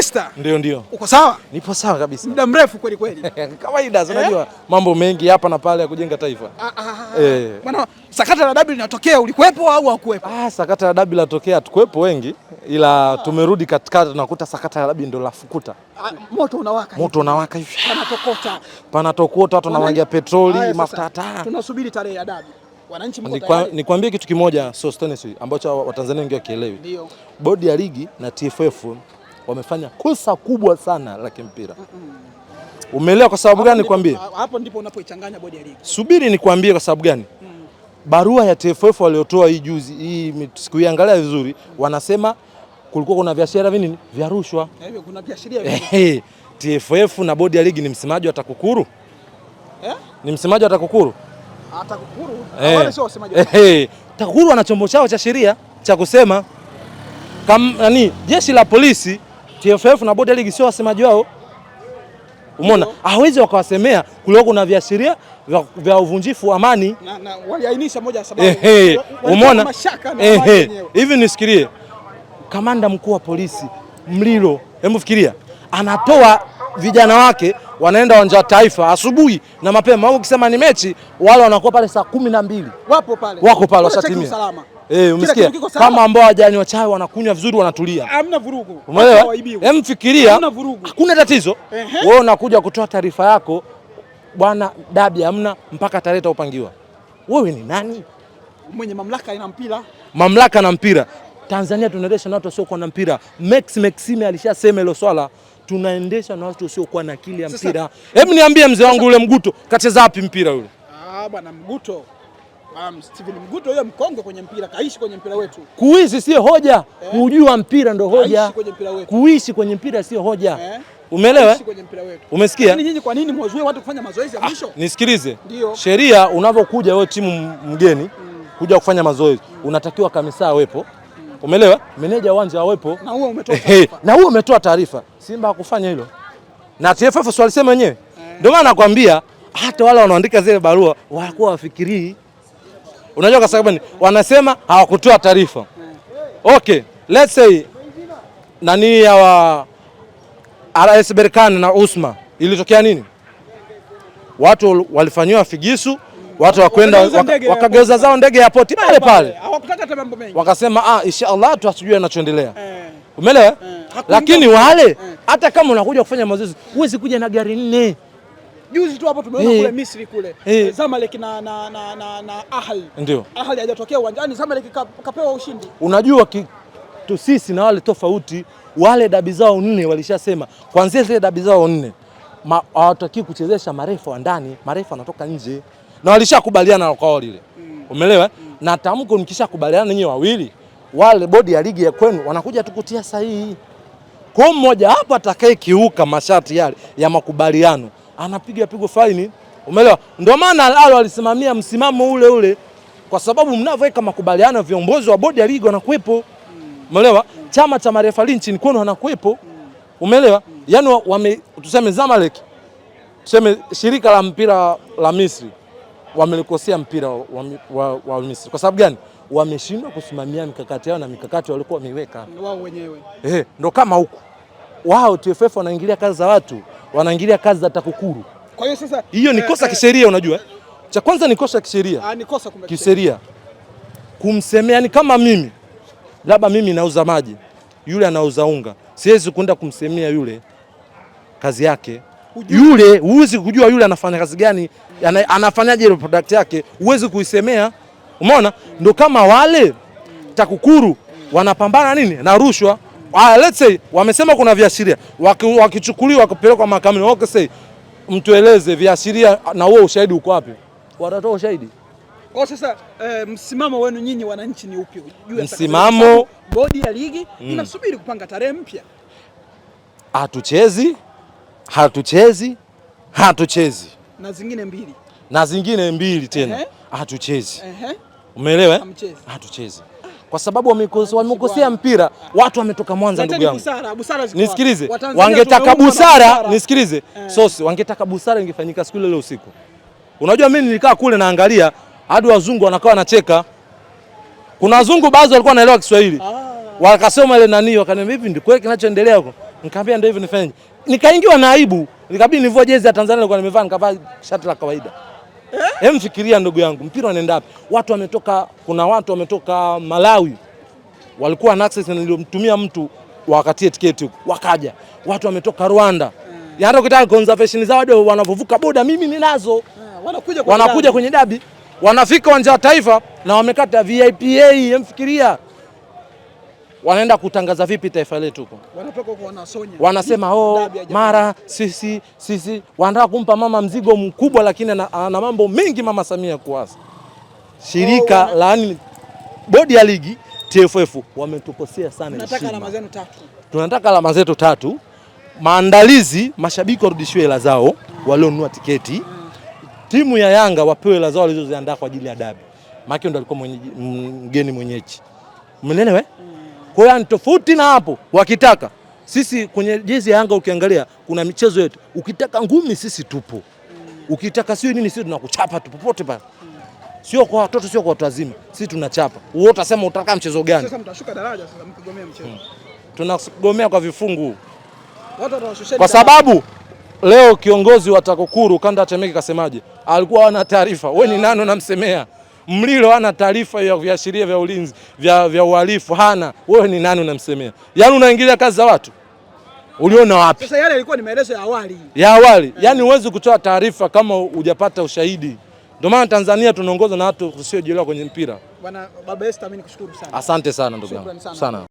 Leicester. Ndio, ndio. Uko sawa? Nipo sawa kabisa. Muda mrefu kweli kweli. Kawaida, unajua eh? mambo mengi hapa na pale ya kujenga taifa. Ah, ah, ah, eh. Bwana, sakata la dabi linatokea, ulikuwepo au haukuwepo? Ah, sakata la dabi linatokea, hatukuwepo wengi ila ah. tumerudi katikati, tunakuta sakata la dabi ndio la fukuta. Moto unawaka. Moto unawaka hivi. Panatokota. Panatokota, watu wanawangia petroli, mafuta hata. Tunasubiri tarehe ya dabi. Wananchi mko tayari. Nikwambie kitu kimoja, Sostenes, ambacho Watanzania wengi wakielewi. Ndio. Bodi ya ligi na TFF wamefanya kosa kubwa sana la kimpira. Umeelewa? Kwa sababu gani Kwambie Hapo ndipo unapoichanganya bodi ya ligi. Subiri nikwambie kwa sababu gani. Mm. Barua ya TFF waliotoa hii juzi, hii sikuiangalia vizuri, wanasema kulikuwa kuna viashiria vinini vya rushwa. TFF na bodi ya ligi ni msemaji wa TAKUKURU eh? Ni msemaji wa TAKUKURU ah, eh. Eh. TAKUKURU ana chombo chao cha sheria cha kusema nani, jeshi la polisi TFF na bodi ya ligi sio wasemaji wao. Umeona? Hawezi wakawasemea kulikuwa kuna viashiria vya, vya uvunjifu wa amani. Na, na waliainisha moja sababu. Eh, hey. Umeona? Eh, hivi hey. Hivi nisikilie. Kamanda mkuu wa polisi Mlilo, hebu fikiria. Anatoa vijana wake wanaenda uwanja wa Taifa asubuhi na mapema. Ukisema ni mechi, wale wanakuwa pale saa kumi na mbili wapo pale, wako pale wasatimia. Eh, umesikia? Kama ambao hawajanywa chai wanakunywa vizuri wanatulia. Hamna vurugu. Umeelewa? Hem, vurugu. hakuna tatizo. Wewe unakuja kutoa taarifa yako bwana, dabi hamna mpaka tarehe upangiwa. Wewe ni nani? Mwenye mamlaka ina mpira. Mamlaka na mpira. Tanzania tunaendesha na watu wasiokuwa na mpira. Max Maxime alishasema hilo swala tunaendesha na watu wasiokuwa na akili ya mpira. Hebu niambie mzee wangu yule Mguto kacheza wapi mpira yule? Ah, bwana Mguto Um, Steven Mguto huyo mkongwe kwenye mpira, kaishi kwenye mpira wetu. Kuishi sio hoja eh, kujua mpira ndo hoja. Kuishi kwenye mpira sio hoja eh. Umeelewa? kwenye mpira wetu. Umesikia? Nyinyi kwa nini mwazuie watu kufanya mazoezi ya ah, mwisho? Ah, nisikilize. Ndio. Sheria unavyokuja wewe timu mgeni mm, kuja kufanya mazoezi mm, unatakiwa kamisa awepo mm, umeelewa? Meneja uwanja awepo na huo umetoa taarifa. Na huo umetoa taarifa. Simba hakufanya hilo na TFF swalisema wenyewe eh. ndio maana nakwambia hata wale wanaandika zile barua walikuwa wafikirii Unajua kwa sababu ni wanasema hawakutoa taarifa. Okay, let's say nani hawa RS Berkane na Usma ilitokea nini? Watu walifanywa figisu, watu wakwenda wakageuza zao ndege ya poti pale pale, hawakutaka hata mambo mengi, wakasema ah, inshallah tuasijue anachoendelea. Eh. Umeelewa? Eh. Lakini wale eh. hata kama unakuja kufanya mazoezi huwezi kuja na gari nne Juzi tu hapo tumeona eh. kule Misri kule eh. Eh, Zamalek na na na, na, na Ahli. Ndio. Ahli hajatokea uwanjani, Zamalek ka, kapewa ushindi. Unajua ki, tu sisi na wale tofauti, wale dabi zao nne walishasema kuanzia zile dabi zao nne hawatakii kuchezesha marefu wa ndani, marefu anatoka nje na walishakubaliana na kwao lile. Mm. Umeelewa? Mm. Na tamko nikishakubaliana nyinyi wawili, wale bodi ya ligi ya kwenu wanakuja tu kutia sahihi. Kwa mmoja hapo atakaye kiuka masharti yale ya makubaliano anapiga pigo faini, umeelewa? Ndio maana Alalo alisimamia msimamo ule ule, kwa sababu mnavyoweka makubaliano viongozi wa bodi ya ligi wanakuepo, umeelewa? Chama cha marefali nchini kwenu wanakuepo, umeelewa? Yani wame, tuseme Zamalek, tuseme shirika la mpira la Misri wamelikosea mpira wa, wa, wa Misri. Kwa sababu gani? Wameshindwa kusimamia mikakati yao na mikakati walikuwa wameiweka wao wenyewe. Eh, ndo kama huku wao TFF wanaingilia kazi za watu wanaingilia kazi za TAKUKURU. Kwa hiyo sasa hiyo ni eh, kosa eh, kisheria unajua. Eh? Cha kwanza ni kosa kisheria. Ah, ni kosa kumbe. Kisheria. Kumsemea ni kama mimi. Labda mimi nauza maji. Yule anauza unga. Siwezi kwenda kumsemea yule kazi yake. Ujua. Yule huwezi kujua yule anafanya kazi gani, anafanyaje ile product yake, huwezi kuisemea. Umeona? Ndio kama wale TAKUKURU wanapambana nini na rushwa. Ah, let's say wamesema kuna viashiria wakichukuliwa waki kupelekwa mahakamani, okay, say mtueleze viashiria na huo ushahidi uko wapi? Watatoa ushahidi kwa oh, sasa. Uh, msimamo wenu nyinyi wananchi ni upi? Msimamo bodi ya ligi mm, inasubiri kupanga tarehe mpya. Hatuchezi, hatuchezi, hatuchezi na zingine mbili na zingine mbili tena, hatuchezi. Umeelewa? Eh? Hatuchezi kwa sababu wamekosea mpira, watu wametoka Mwanza. Ndugu yangu nisikilize, wangetaka busara, nisikilize eh. sosi, wangetaka busara ingefanyika siku ile ile usiku. Unajua mimi nilikaa kule naangalia hadi wazungu wanakaa wanacheka. Kuna wazungu baadhi walikuwa wanaelewa Kiswahili ah. wakasoma ile nani, wakaniambia hivi ndio kweli kinachoendelea huko, nikamwambia ndio hivi, nifanye, nikaingiwa na aibu, nikabidi nivue jezi ya Tanzania nilikuwa nimevaa, nikavaa shati la kawaida. Hem, fikiria ndugu yangu, mpira unaenda wapi? Watu wametoka, kuna watu wametoka Malawi walikuwa na access, nilimtumia mtu wakatie tiketi huko, wakaja watu wametoka Rwanda hmm. Yaani ukitaka conservation za bado wanavovuka boda, mimi ninazo hmm. wanakuja kwenye dabi, wanafika uwanja wa taifa na wamekata vipa Hem, fikiria wanaenda kutangaza vipi taifa letu huko? Wanatoka huko wanasonya, wanasema oh, mara sisi sisi, wanataka kumpa mama mzigo mkubwa, lakini ana mambo mengi mama Samia kuasa shirika oh, laani bodi ya ligi TFF wametukosea sana. Tunataka alama zetu tatu, tunataka alama zetu tatu. Maandalizi, mashabiki warudishiwe hela zao mm. walionunua tiketi mm. timu ya Yanga wapewe hela zao walizoziandaa kwa ajili ya dabi, Maki ndo alikuwa mwenye, mgeni mwenyeji, mnelewe mm. Kwa hiyo tofauti na hapo, wakitaka sisi kwenye jezi ya Yanga ukiangalia kuna michezo yetu, ukitaka ngumi sisi tupo, ukitaka sio nini sisi tunakuchapa tu popote pale, sio kwa watoto, sio kwa watu wazima, sisi tunachapa. Wewe utasema utaka mchezo gani? Sasa mtashuka daraja, sasa mkigomea mchezo hmm. Tunagomea kwa vifungu, kwa sababu leo kiongozi wa TAKUKURU kanda ya Temeke kasemaje? Alikuwa ana taarifa, wewe ni ah. nani unamsemea? Mlilo hana taarifa ya viashiria vya ulinzi vya, vya uhalifu hana. Wewe ni nani unamsemea? Yaani unaingilia kazi za watu uliona wapi? Sasa yale yalikuwa ni maelezo ya awali ya awali hmm. Yaani huwezi kutoa taarifa kama hujapata ushahidi. Ndio maana Tanzania tunaongozwa na watu usiojielewa kwenye mpira. Bwana Baba Esther, mimi nikushukuru sana. Asante sana ndugu yangu sana.